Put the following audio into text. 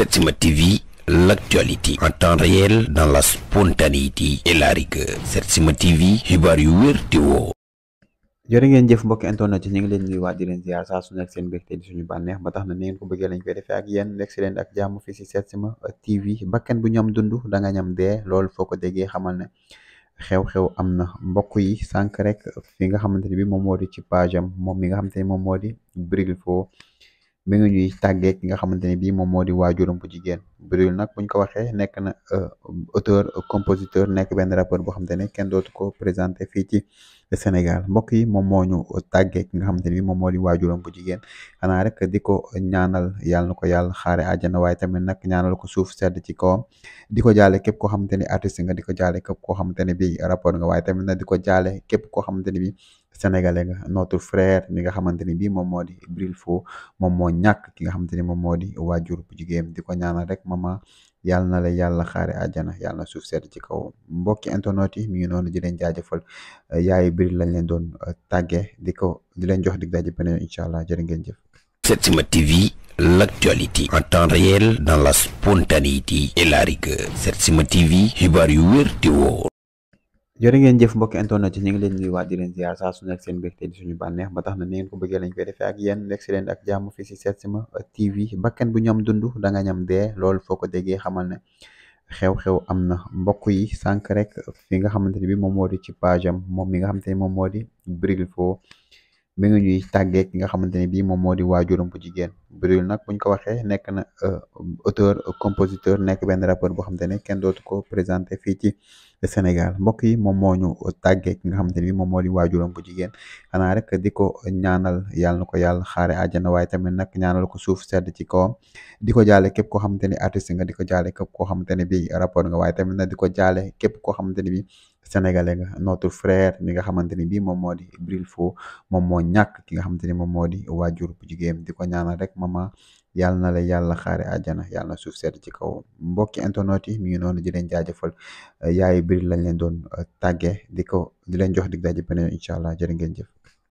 Setsima TV l'actualité en temps réel dans la spontanéité et la rigueur Setsima TV xibaar yu wér di woo jërë ngeen jëf mbokki internet yi ñu ngi leen di waat di leen ziar saa su nekk seen mbégte di suñu bànneex ba tax na ni ngeen ko bëggee lañ koy defee ak yéen nekk si leen ak jàmm fii si Setsima TV bakken bu ñam dundu da nga ñam dee loolu foo ko déggee xamal ne xew-xew am na mbokk yi sànq rek fi nga xamante ne bi moom moo di ci page am moom mi nga xamante ne moom moo di Bril foo mi ngi ñuy tàggeek nga xamante ne bii moom moo di waajuram bu jigéen Bril nag buñ ko waxee nekk na euh, auteur compositeur nekk benn rappeur boo xamante ne kenn dootu ko présenté fii ci Sénégal mbokk yi moom moo ñu tàggee ki nga xam ne bi moom moo di waajuram bu jigéen xanaa rek di ko ñaanal yàlla na ko yàlla xaare àjjana waaye tamit nag ñaanal ko suuf sedd ci kawam di ko jaale képp koo xamante ne artiste nga di ko jaale képp koo xamante ne bi rappeur nga waaye tamit nag di ko jaale képp koo xamante ne bi sénégalais nga notre frère mi nga xamante ni bi moom moo di Bril Fo moom moo ñàkk ki nga xamante ni moom moo di waajur bu jigéen di ko ñaanal rek mama yàlla na la yàlla xaare àjjana yàlla na suuf sedd ci kaw mbokki internet mi ngi noonu di leen jaajëfal eh, yaayu biri lañ leen doon eh, tàggee di ko di leen jox dig daje beneen incha allah jërë ngeen jëf Setsima TV, l'actualité en temps réel dans la spontanéité et la rigueur. Setsima TV, xibaar yu wér jërë ngeen jëf mbokki internet yi ñu ngi leen di waat di leen ziar saa su nekk seen mbégte di suñu bànneex ba tax na ni ngeen ko bëggee lañ koy defee ak yéen lekk si leen ak jàmm fii si Setsima TV bakken bu ñam dund danga ñam dee loolu foo ko déggee xamal ne xew-xew am na mbokk yi sànq rek fi nga xamante ne bi moom moo di ci page am mi nga xamante ne moom moo di Bril fo mi ngi ñuy tàggee ki nga xamante ne bi moom moo di waajuram bu jigéen Bril nag buñ ko waxee nekk na euh, auteur compositeur nekk benn rappeur boo xamante ne kenn dootu ko présenté fii ci Sénégal mbokk yi moom moo ñu tàggee ki nga xam ne bi moom moo di waajuram bu jigéen xanaa rek di ko ñaanal yàlla na ko yàlla xaare àjjana waaye tamit nag ñaanal ko suuf sedd ci kawam di ko jaale képp koo xamante ne artiste nga di ko jaale ko koo xamante ne bi rappeur nga waaye tamit nag di ko jaale képp koo xamante ne bi sénégalais nga notre frère mi nga xamante ni bi moom moo di Bril Fo moom moo ñàkk ki nga xamante ni moom moo di waajur bu jigéen di ko ñaanal rek mama yàlla na la yàlla xaare àjjana yàlla na suuf sedd ci kaw mbokki internet yi mi ngi noonu di leen jaajëfal yaayu biri lañ leen doon uh, tàggee di ko di leen jox dig daje beneen incha allah jërë ngeen jëf